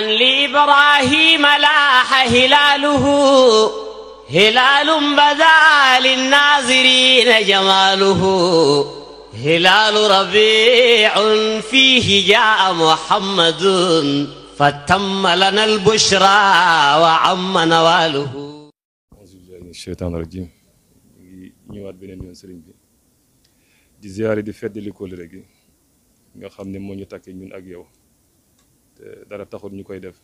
لإبراهيم لاح هلاله هلال بدا للناظرين جماله هلال ربيع فيه جاء محمد فتم لنا البشرى وعم نواله الشيطان الرجيم نيوات beneen yoon sëriñ bi دي زياري دي fedd li kóllëre gi nga xamne moñu takki ñun ak yow dara taxul ñu koy def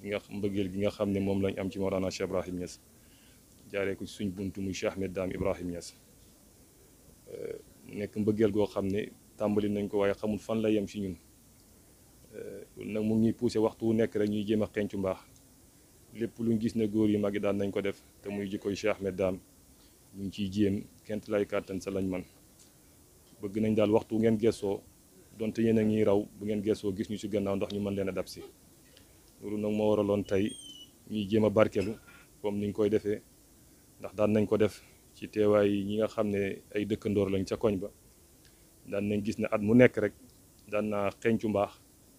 gi nga mbëggeel gi nga xam ne moom lañ am ci Mawlana Cheikh Ibrahim Niass jaaree ko ci suñ bunt muy Cheikh Ahmed Dame Ibrahim Niass nekk mbëggeel goo xam ne tàmbali nañ ko waaye xamul fan la yem si ñun nag mu ngi poussé waxtu wu nekk rek ñuy jéem a xencu mbaax lépp luñ gis ne góor yu mag yi daan nañ ko def te muy jikkoy Cheikh Ahmed Dame ñu ngi ciy jéem kent lay kàttan sa lañ man bëgg nañ daal waxtu ngeen gessoo donte yéen a ngi raw bu ngeen geesoo gis ñu ci gannaaw ndax ñu mën leen a dab si loolu nag moo waraloon tey ñuy jéem a barkelu comme ni ñu koy defee ndax daan nañ ko def ci teewaay yi ñi nga xam ne ay dëkkandoor lañ ca koñ ba daan nañ gis ne at mu nekk rek daan naa xencu mbaax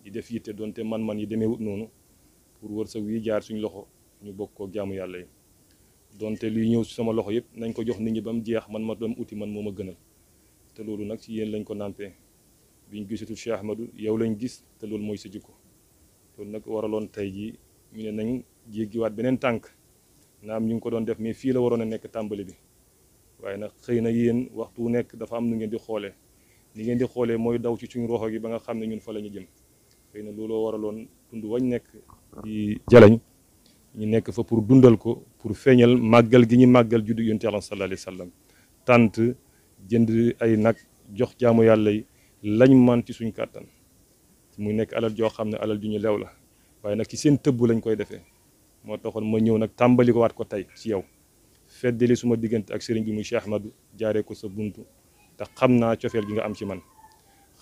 di def yitte donte man-man yi demeewut noonu pour wërsëg wi jaar suñu loxo ñu bokk ko jàmm yàlla yi donte liy ñëw si sama loxo yëpp nañ ko jox nit ñi ba mu jeex man ma dem uti man moo ma gënal te loolu nag ci yéen lañ ko nàmpee biñ gisatul Cheikh Ahmadou yow lañ gis te loolu mooy sa jikko loolu nag waraloon tey jii ñu ne nañ jéggiwaat beneen tànk naam ñu ngi ko doon def mais fii la waroon a nekk tàmbali bi waaye nag xëy na yéen waxtu wu nekk dafa am nu ngeen di xoolee li ngeen di xoolee mooy daw ci suñu roxo gi ba nga xam ne ñun fa la ñu jëm xëy na looloo waraloon tund wañ nekk di ñu nekk fa pour dundal ko pour feeñal màggal gi ñu màggal juddu yonent Yàlla sallallahu alayhi wa sallam tant jënd ay nag jox jaamu yàlla lañ man ci suñ kàttan muy nekk alal joo xam ne alal ju ñu lew la waaye nag ci seen tëbb lañ koy defee moo taxoon ma ñëw nag tàmbali ko waat ko tey ci yow feddali suma diggante ak sëriñ bi mu Cheikh Ahmadou jaaree ko sa buntu te xam naa cofeel gi nga am ci man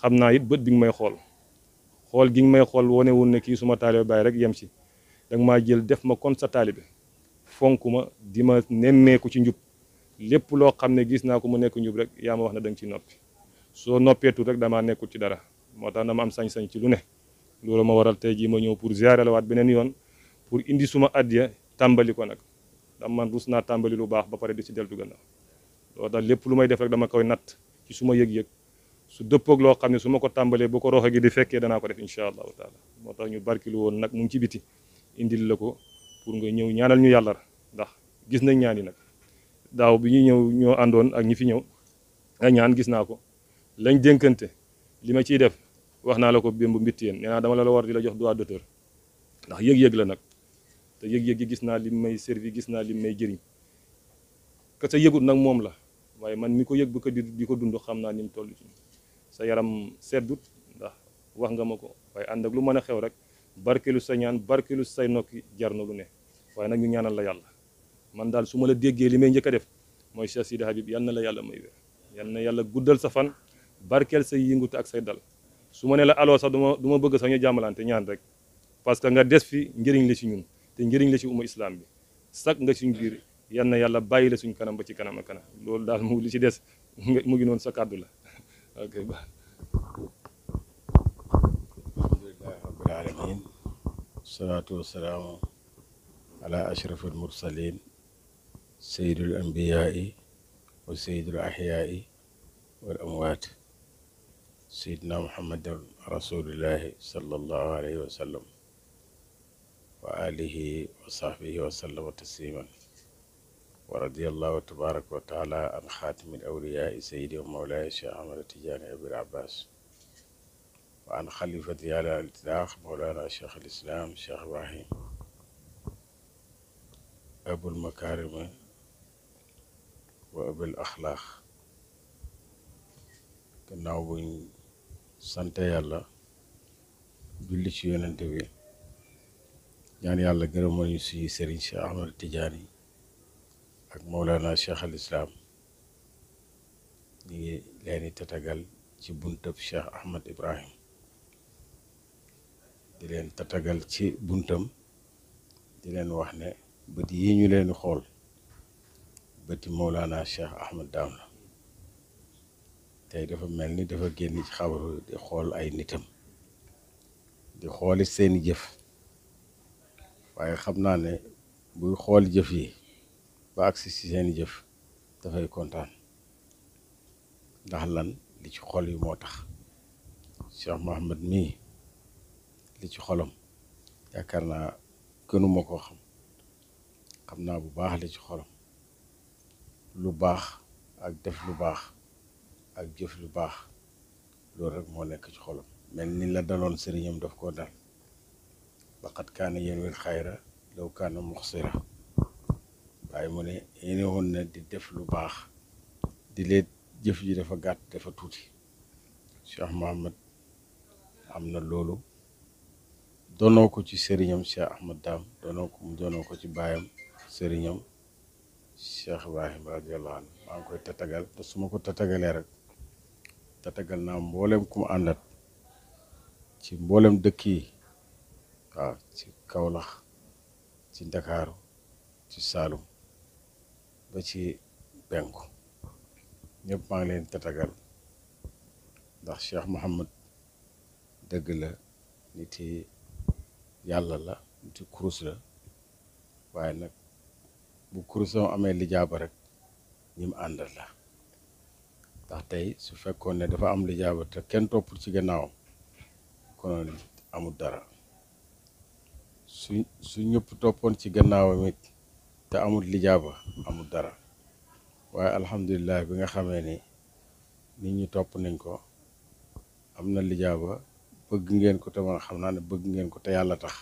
xam naa it bët bi nga may xool xool gi nga may xool wane wun ne kii suma taalibe bàyyi rek yem ci danga maa jël def ma kon sa taalibe fonk ma di ma nemmeeku ci njub lépp loo xam ne gis naa ko mu nekk njub rek yaa ma wax ne danga ci noppi so noppeetu rek dama nekkul ci dara motax dama am sañ-sañ ci lu ne loolu ma waral tay ji ma ñew pour ziaral waat yoon pour indi suma adya tambali ko nak dama man rusna tambali lu baax ba pare di ci deltu gannaaw lo da lepp lu may def rek dama koy nat ci suma yeg yeg su deppok lo xam suma ko tambale bu ko roxagi di fekke dana ko def inshallah taala motax ñu barki barkilu won nak mu ngi ci biti indil lako pour nga ñew ñaanal ñu yalla ndax gis na ñaan yi nag daaw bi ñu ñew ño andon ak ñi fi ñew nga ñaan gis nako lañ dénkante li ma ciy def wax naa la ko bimbu mbitt yéen nee naa dama la la war di la jox du d'auteur ndax yëg-yëg la nag te yëg-yëg gis naa li may servi gis naa li may jëriñ ka sa yëgut nag moom la waaye man mi ko yëg bu ko di ko dund xam naa ni mu toll ci sa yaram seddut ndax wax nga ma ko waaye ànd ak lu mën a xew rek barkeelu sa ñaan barkeelu say nokki jar na lu ne waaye nag ñu ñaanal la yàlla man daal su ma la déggee li may njëkk def mooy Cheikh Sidi Habib yal na la yàlla may guddal sa fan barkeel say yëngutu ak say dal su ma ne la aloo sax duma du ma bëgg sax ñu jàmmalante ñaan rek parce que nga des fi njëriñ la si ñun te njëriñ la si umma islam bi sax nga suñ biir yal na yàlla bàyyi la suñ kanam ba ci kanam ak kanam loolu daal mu li ci des mu ngi noonu sa kàddu la ok ba alhamdulilahi rabbil alamin salaatu wasalaamu ala ashrafil mursalin sayyidul anbiyaai wa sayyidul ahyaai wal amwaat سيدنا محمد رسول الله صلى الله عليه وسلم وآله وصحبه وسلم تسليما ورضي الله تبارك وتعالى عن خاتم الأولياء سيدي ومولاي الشيخ عمر التجاني أبي العباس وعن خليفة على الإطلاق مولانا الشيخ الإسلام الشيخ إبراهيم أبو المكارم وأبو الأخلاق gannaaw sante yàlla julli ci yonente bi ñaan yàlla gërëmoo ñu suñu sëriñ Cheikh Ahmad Tidiane ak Mawlana Cheikh al Islam ñu ngi leen tatagal ci buntab sheikh Ahmad Ibrahim di leen tatagal ci buntam di leen wax ne bët yi ñu leen xool bëti Mawlana Cheikh Ahmad daam la tey dafa mel ni dafa génn ci xabaru di xool ay nitam di xooli seeni jëf waaye xam naa ne buy xool jëf yi ba agsi ci seeni jëf dafay kontaan ndax lan li ci xol yi moo tax Cheikh Mohammed mii li ci xolam yaakaar naa kënuma koo xam xam naa bu baax li ci xolam lu baax ak def lu baax ak jëf lu baax loolu rek moo nekk ci xolam mel ni la daloon sëriñam daf koo dal kaani kaana yenwil xayra law kaana muxsira waaye mu ne yéene woon na di def lu baax di leen jëf ji dafa gàtt dafa tuuti Cheikh Mohammed am na loolu doonoo ko ci sëriñam Cheikh Ahmad Daam doonoo ko mu doonoo ko ci baayam sëriñam Cheikh Ibrahim radiyallahu anhu maa ngi koy tatagal te su ma ko tatagalee rek tatagal naa mboolem ku àndat ci mboolem dëkk yi waaw ci Kaolack ci Ndakaaru ci Saalum ba ci penku ñëpp maa leen tatagal ndax Cheikh Mouhamad dëgg la nit yi yàlla la nit yi kurus la waaye nag bu kurusam amee lijaaba rek ñi mu la ndax tey su fekkoon ne dafa am li jaaba te kenn toppul ci gannaawam konoon amul dara su su ñëpp toppoon ci gannaawam it te amul li jaaba amul dara waaye alhamdulilah bi nga xamee ni nit ñi topp nañ ko am na li jaaba bëgg ngeen ko te man xam naa ne bëgg ngeen ko te yàlla tax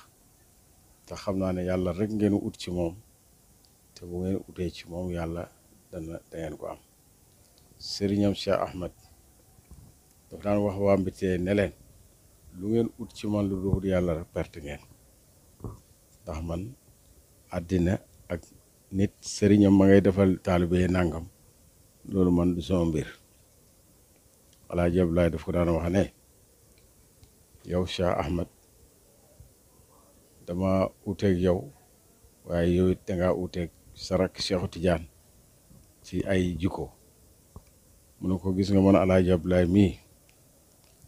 te xam naa ne yàlla rek ngeen ut ci moom te bu ngeen utee ci moom yàlla dana dangeen ko am sëriñam Cheikh Ahmed daf daan wax waa Mbitee ne lu ngeen ut ci man lu dul yàlla rek perte ngeen ndax man àddina ak nit sëriñam ma ngay defal taalibe nangam loolu man du sama mbir Alaaji Abdoulaye daf ko daan wax ne yow Cheikh Ahmed dama uteeg yow waaye yow it dangaa uteeg sa rakk Cheikhu ci ay jiko mu ne ko gis nga man Alaaji Ablaay mii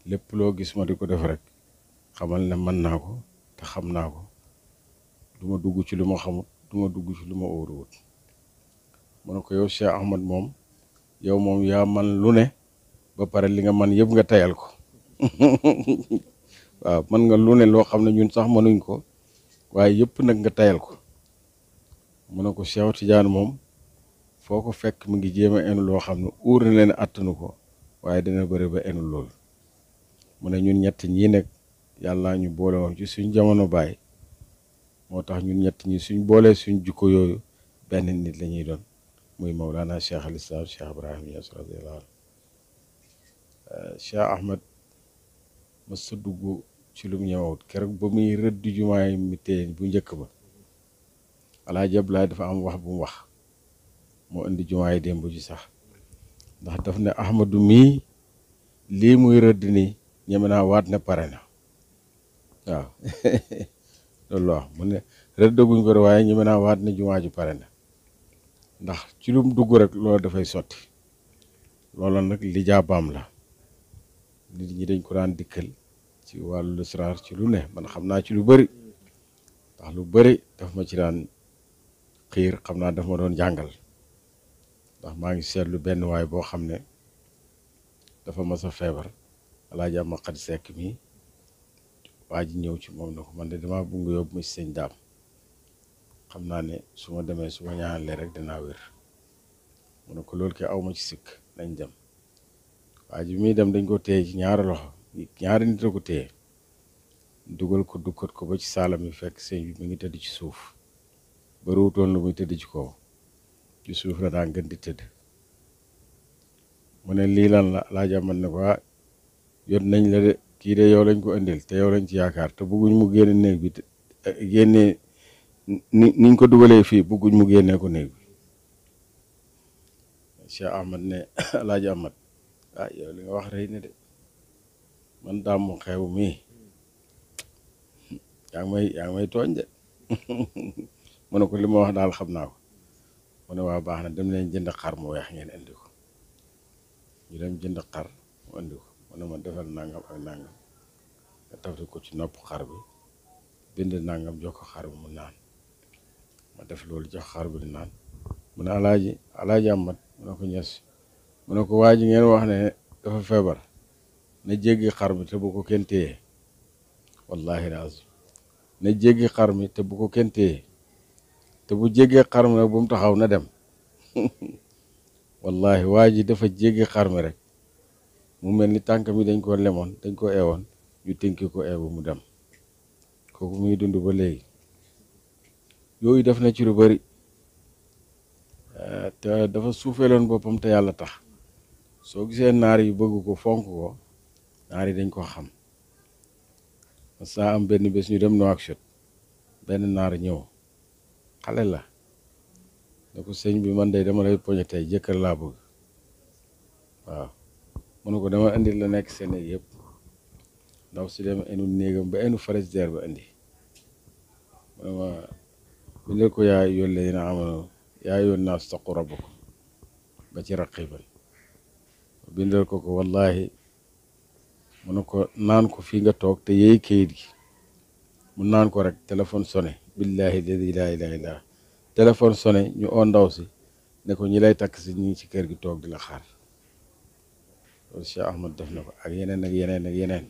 lépp loo gis ma di ko def rek xamal ne man naa ko te xam naa ko duma dugg ci lu ma xamut duma dugg ci lu ma óoruwut mu ne ko yow Cheikh Ahmad moom yow moom yaa man lu ne ba pare li nga man yëpp nga tayal ko waaw man nga lu ne loo xam ne ñun sax mënuñ ko waaye yëpp nag nga tayal ko mu ne ko Cheikh Tidiane moom foo ko fekk mu ngi jéem a enu loo xam ne uur na leen àttanu ko waaye dina bëri ba enu loolu mu ne ñun ñett ñii nag yàlla ñu boole woon ci suñ jamono baay moo tax ñun ñett ñi suñ boole suñ jukko yooyu benn nit la ñuy doon muy Mawlana Cheikh al Islam Cheikh Ibrahim Niass radiyallahu anhu euh, Cheikh Ahmed ma sa ci lu mu ñëwawut keroog ba muy rëdd jumaay mi teen bu njëkk ba Alaaji Ablaay dafa am wax bu mu wax mo andi jumaay dembu ji sax ndax daf ne ahmadu mi li muy rëdd ni ñemena wat ne parena na waaw Allah, wax mu ne rëddaguñ ko rewaye ñemena wat ne ji parena na ndax ci lu dugg rek da fay soti sot, nak li jabam la nit ñi dañ ko daan dikkel ci walu israr ci lu ne man xamna ci lu bari ndax lu bari daf ma ci daan xir xamna daf ma doon jangal ndax maa ngi seetlu benn waay boo xam ne dafa mas a feebar alaaji ama xadi sekk mii waa ji ñëw ci moom ne ko man de damaa bugg yóbbu ma si sañ daam xam naa ne su ma demee su ma ñaanalee rek danaa wér mu ne ko loolu ki aw ma ci sikk nañ dem waa ji muy dem dañ ko téye ci ñaari loxo ñaari nit a ko téye dugal ko dukkat ko ba ci saalam yi fekk sëñ bi mi ngi tëdd ci suuf bëriwutoon lu muy tëdd ci koow ci suuf la daa gën di tëdd mu ne lii lan la laaja man ne ko ah, yot nañ la de kii de yow lañ ko indil te yow lañ ci yaakaar te bëgguñ mu génne néeg bi eh, génne ni niñ ko dugalee fii bëgguñ mu génnee ko néeg bi Cheikh Ahmad ne laaja Ahmad ah yow li nga wax rëy na de man daam mu xew mii yaa ngi may tooñ de mu ne ko li ma wax daal xam naa ko mu ne waa baax na dem leen jënd xar mu weex ngeen indi ko ñu dem jënd xar mu indi ko mu ma defal nangam ak nangam nga tafli ko ci nopp xar bi bind nangam jox ko xar bi mu naan ma def loolu jox xar bi di naan mën ne alaaji alaaji amat mu ne ko ñes mu ne ko waa ji ngeen wax ne dafa feebar na jéggi xar mi te bu ko kenn téye wallaahi raas na jéggi xar mi te bu ko kenn téye te bu jéggee xarme nag bu mu taxaw na dem wallahi waa ji dafa jéggi xarme rek mu mel ni tànk mi dañ koo lemoon dañ koo eewoon ñu tënki ko eewu mu dem kooku muy dund ba léegi yooyu def na ci lu bari eh, te dafa suufeeloon boppam te yàlla tax soo gisee naar yi bëgg ko fonk ko naar yi dañ koo xam saa am benn bés ñu dem Nouakchott benn naar ñëw xale la ne ko sëñ bi man day dama lay poñe tey jëkkër laa bëgg waaw mu ne ko dama la nekk seen yëpp ndaw si dem enu néegam ba enu farasideer ba indi ma ko yaa ayyuhal lazina aamanu yaa ayyuhan naas taqu rabbakum ba ci raqiban bindal ko ko wallahi mu ko naan ko fii nga toog te yeey kayit gi mu naan ko rek téléphone sonné billahi alladi laa ilaha illa téléphone sonné ñu oo ndaw si ne ko ñi lay takk si ñi ci kër gi toog di la xaar loolu Cheikh Ahmad def na ko ak yeneen ak yeneen ak yeneen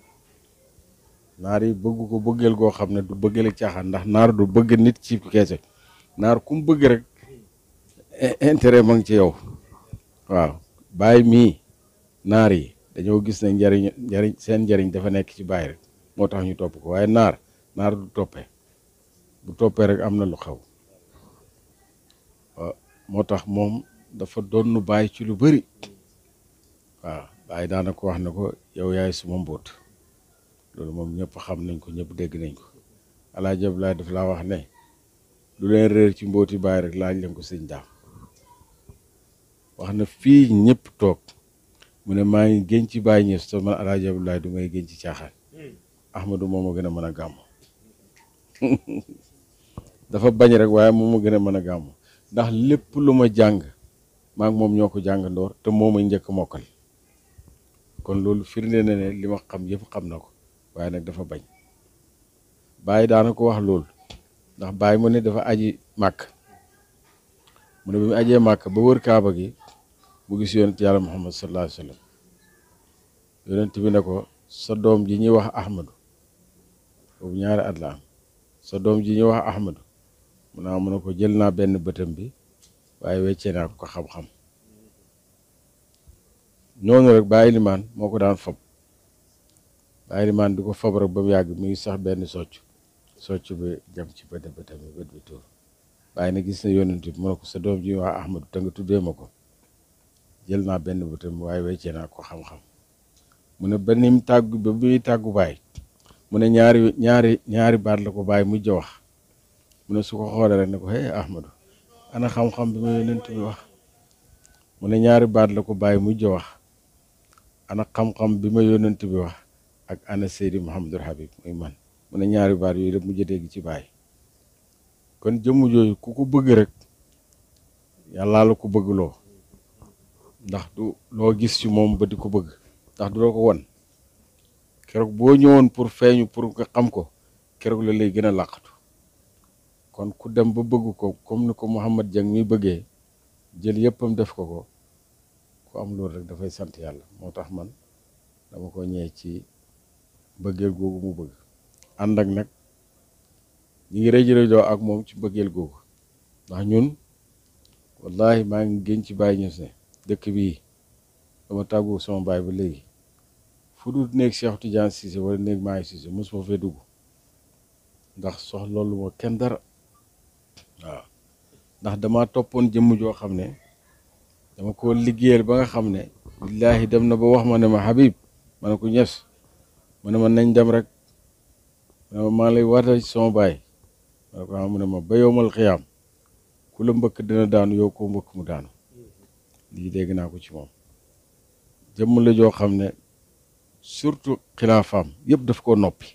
naar yi bëgg ko bëggeel goo xam ne du bëggeel ak caaxaan ndax naar du bëgg nit ci keese naar ku bëgg rek intérêt ma ngi ci yow waaw baay mii naar yi dañoo gis ne njariñ njariñ seen njariñ dafa nekk ci baay rek moo tax ñu topp ko waaye naar naar du toppe bu toppee rek am na lu xew ah, moo tax moom dafa doon nu bàyyi ci lu bëri waaw ah, bàyyi daanaka wax na ko yow yaay suma mbóot loolu moom ñëpp xam nañ ko ñëpp dégg nañ ko alaa jab laa def laa wax ne lu leen réer ci mbóoti bàyyi rek laaj leen ko sëñ daam wax na fii ñépp toog mu ne maa ngi gën ci bàyyi ñëpp te man alaa jab du may génn ci caaxaan hmm. ahmadu moom a gën a mën a gàmm dafa bañ rek waye moom ma gën gamu mën a gàmm ndax lu ma jàng maa ngi moom ñoo ko jàngandoor te momay ñëk mokal kon loolu firnde na ne lima xam yëpp xam nako waye nak dafa bañ bàyyi daana ko wax loolu ndax bay mu ne dafa aji mak. mu ne bimu aje mak ba wër kaaba gi bu gis yonent yalla muhammad sallallahu Alaihi Wasallam. yonent bi nako sa doom ji ñi wax ahmadu bu ñaari at la sa doom ji ñi wax ahmadu mun naa mun ne ko jël naa benn bëtam bi waaye weccee naa ko xam-xam noonu rek moo ko daan fab bàyyi limaan ko fab ba mu yàgg muy sax benn socc socc bi gis na yonent ji waa Ahmadu te nga ko jël naa benn bëtam bi waaye weccee ko xam mu ne ba ni mu baay mu ne ñaari ñaari ñaari baat la ko bàyyi mu wax mu ne su ko xoolee rek ne ko hey Ahmadou ana xam-xam bi ma yonent bi wax mu ne ñaari baat la ko bàyyi mujj wax ana xam-xam bi ma yonent bi wax ak ana Seydi Mouhamadul Habib muy man mu ne ñaari baat yooyu rek mujj dégg ci bàyyi kon jëmm jooju ku ko bëgg rek yàllaa la ko bëgg ndax du loo gis ci moom ba di ko bëgg ndax du loo ko won keroog boo ñëwoon pour feeñu pour nga xam ko keroog la lay gën a làqatu kon ku dem ba bëgg ko comme ni ko Mouhamad Dieng mi bëggee jël yëppam def ko ko ku am loolu rek dafay sant yàlla moo tax man dama ko ñëwee ci bëggeel googu mu bëgg ànd ak nag ñu ngi rëj rëjoo ak moom ci bëggeel googu ndax ñun wallahi maa ngi gën ci bàyyi ñu ne dëkk bii dama tàggu sama baay ba léegi fu dul néeg Cheikh Tidiane Cissé wala néeg Maay Cissé mos ma fee dugg ndax soxla kenn dara waaw ndax dama toppoon jëmm joo xam ne dama ko liggéeyal ba nga xam ne billaahi dem na ba wax ma ne ma Habib ma ne ko ñes ma ne ma nañ dem rek ma ne ma lay waatal ci baay ma ne ko ah, ne ma ba yowmal xiyaam ku la mbëkk dina daanu yow koo mbëkk mu daanu lii dégg naa ko ci moom jëmm la joo xam ne surtout xilaafaam yëpp daf koo noppi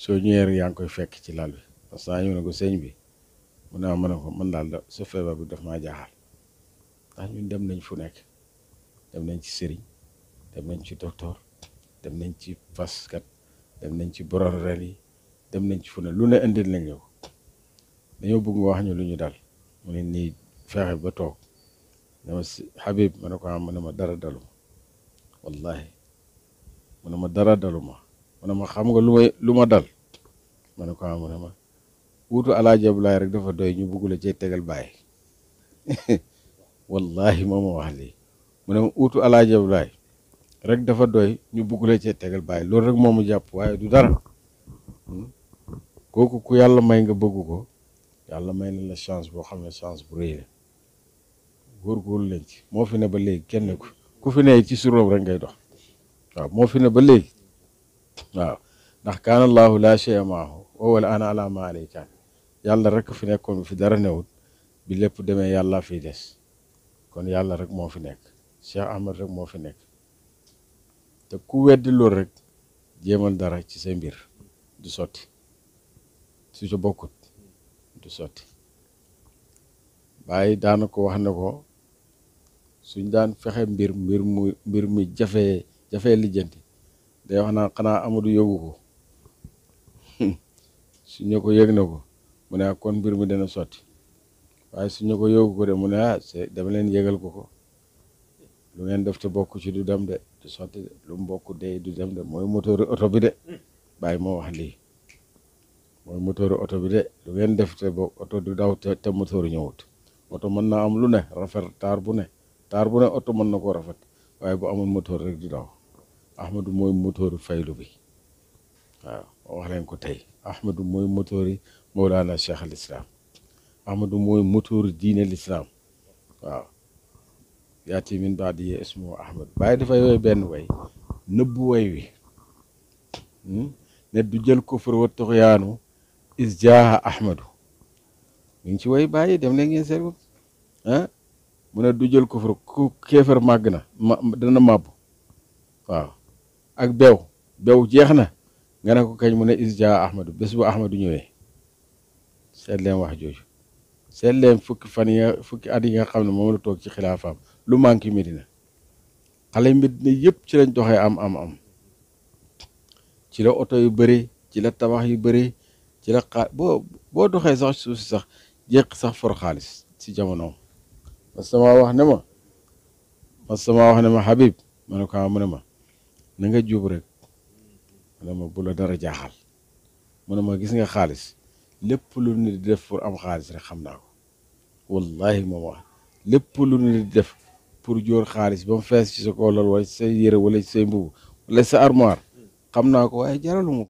soo ñëwee yaa ngi koy fekk ci laal bi parce que ñu ko sëñ bi mun naa ma ne ko mën daal da sa feebar bu daf maa jaaxal ndax ñun dem nañ fu nekk dem nañ ci sëriñ dem nañ ci docteur dem nañ ci faskat dem nañ ci borom rel yi dem nañ ci fu ne lu ne indil nañ la ko dañoo bëgg nga wax ñu lu ñu dal mu ne nii feexe ba toog ne ma si ne ko am ah, mu ne ma dara dalu ma wallaahi ne ma dara dalu ma mu ne ma xam nga lu ma dal ma ne ko am ah, mu ne ma. wuutu alaaji Abdoulaye rek dafa doy ñu bëgg la cee tegal baay wallahi moo ma wax lii mu ne ma wuutu alaaji Abdoulaye rek dafa doy ñu bugg la cee tegal baay loolu rek moom ma jàpp waaye du dara hmm? kooku ku yàlla may nga bëgg ko yàlla may na la chance boo xam ne chance bu rëy la góorgóorlu ci moo fi ne ba léegi kenn ku ku fi ne ci suróom rek ngay dox waaw moo fi ne ba léegi waaw ndax kaana allahu laa shay'a maahu wa wala ana ala ma yàlla rek fi nekkoon bi fi dara newut bi lépp demee yàlla fiy des kon yàlla rek moo fi nekk Cheikh Ahmed rek moo fi nekk te ku weddi loolu rek jéemal dara ci sa mbir du sotti su ca bokkut du sotti bàyyi daana ko wax ne ko suñ daan fexe mbir mbir mu mbir mu jafee jafee lijjanti day wax naan xanaa Amadou yóbbu ko su ñu ko yëg na ko mu ne kon mbir mi dana sotti waaye su ñu ko yóbbu ko de mu ne ah dama leen yëgal ko ko lu ngeen def te bokk ci du dem de te sotti de lu mu bokk de du dem de mooy moteur oto bi de bàyyi moo wax lii mooy moteur oto bi de lu ngeen def te bokk oto du daw te te moteur ñëwut oto mën naa am lu ne rafet taar bu ne taar bu ne oto mën na koo rafet waaye bu amul moteur rek du daw Ahmadu mooy moteur faylu bi. waaw wax leen ko tey ahmadu mooy motoori Mawlana Cheikh al Islam ahmadu mooy motoori diine l'islam waaw yaati min baadi yi ismu ahmad bàyyi dafay woy benn way nëbb way wi hmm? ne du jël kufur wa tuxyaanu is jaaha ahmadu mi ngi ci way bàyyi dem leen ngeen seet ah mu ne du jël kufur ku kéefar màgg na ma dana màbb waaw ak bew bew jeex na nga nako ko kañ mu ne isja ahmadu bés bu ahmadu ñëwee seet leen wax jooju seet leen fukki fan ya nga fukki at yi nga xamne mo la tok ci khilafam lu manki Medina xale Medina yëpp ci lañ doxé am am am ci la auto yu bëri ci la tabax yu bëri ci la bo bo doxé sax suusi sax jéq sax for khalis ci jamono parce sama wax ne ma parce sama wax ne ma Habib ma ne ko mu ma na nga jub rek mu ne ma bu la dara jaaxal mu ne ma gis nga xaalis lépp lu nit di def pour am xaalis rek xam naa ko wallahi moom wax lépp lu nit di def pour jóor xaalis ba mu fees ci sa koolal wala ci say yére wala ci say mbubu wala sa armoire xam naa ko waaye jaralu ma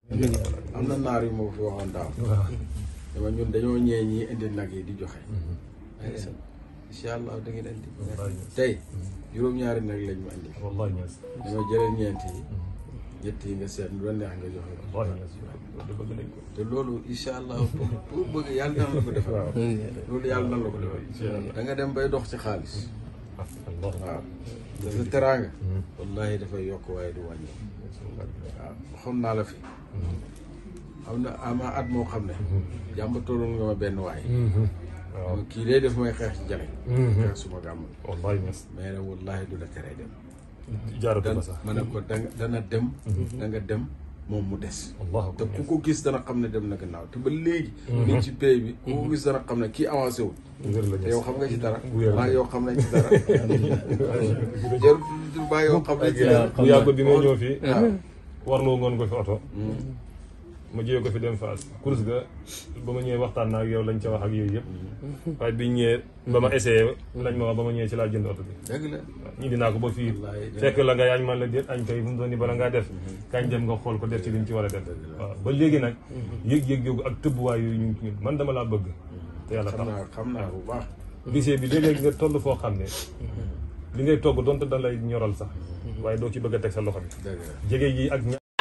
am na naar yu ma ko fi waxoon daaw dama ñun dañoo ñee ñi indi nag yi di joxe incha allah da ngeen indi tey juróom-ñaari nag lañ ma indi dama jëlee ñeent yi ñett yi nga seet lu la neex nga joxe ko. te loolu incha allah pour bëgg yàlla nan la ko defal. loolu yàlla na la ko defal. da danga dem bay dox ci xaalis. waaw dafa teraanga. wallahi dafay yokk waaye du wàññi. waaw naa la fi. xam na ama at moo xam ne. jàmbataloon nga ma benn waay. waaw kii lay def may xeex ci jale. Mm-hmm. suma gàmm. wallahi wallahi du la teree dem. jaaratu ba sax ma ne ko dana dem mhm. da nga dem moom mu des te ku ko gis dana xam ne dem na gannaaw te ba léegi liñ mhm. ci pay bi ku ko mhm. gis dana xam ne kii avancé wul te yow xam nga ci dara maa yow xam nañ ci dara jarul maa yow xam nañ ci dara bu yàgg bi nga ñëw fii warloo ngoon ko fi oto ma jiyee ko fi dem faas course ga ba ma ñëwee waxtaan naa ak yow lañ ca wax ak yooyu yëpp mhm. waaye bi ñëwee ba ma essayé lañ ma wax ba ma ñëwee ci laa jënd oto bi dëgg la ñu dinaa ko ba fii fekk la nga yaañ ma la déet añ kay fu mu doon ni bala ngaa def mhm. kañ dem nga xool ko def ci liñ ci war a def waaw ba léegi nag mhm. yëg-yëg yoogu ak tëbbuwaay yooyu ñu ñu man dama laa bëgg te yàlla tax xam naa bu baax lycée bi léeg-léeg nga toll foo xam ne li ngay togg donte da lay ñoral sax waaye doo ci bëgg a teg sa loxo bi jege ji ak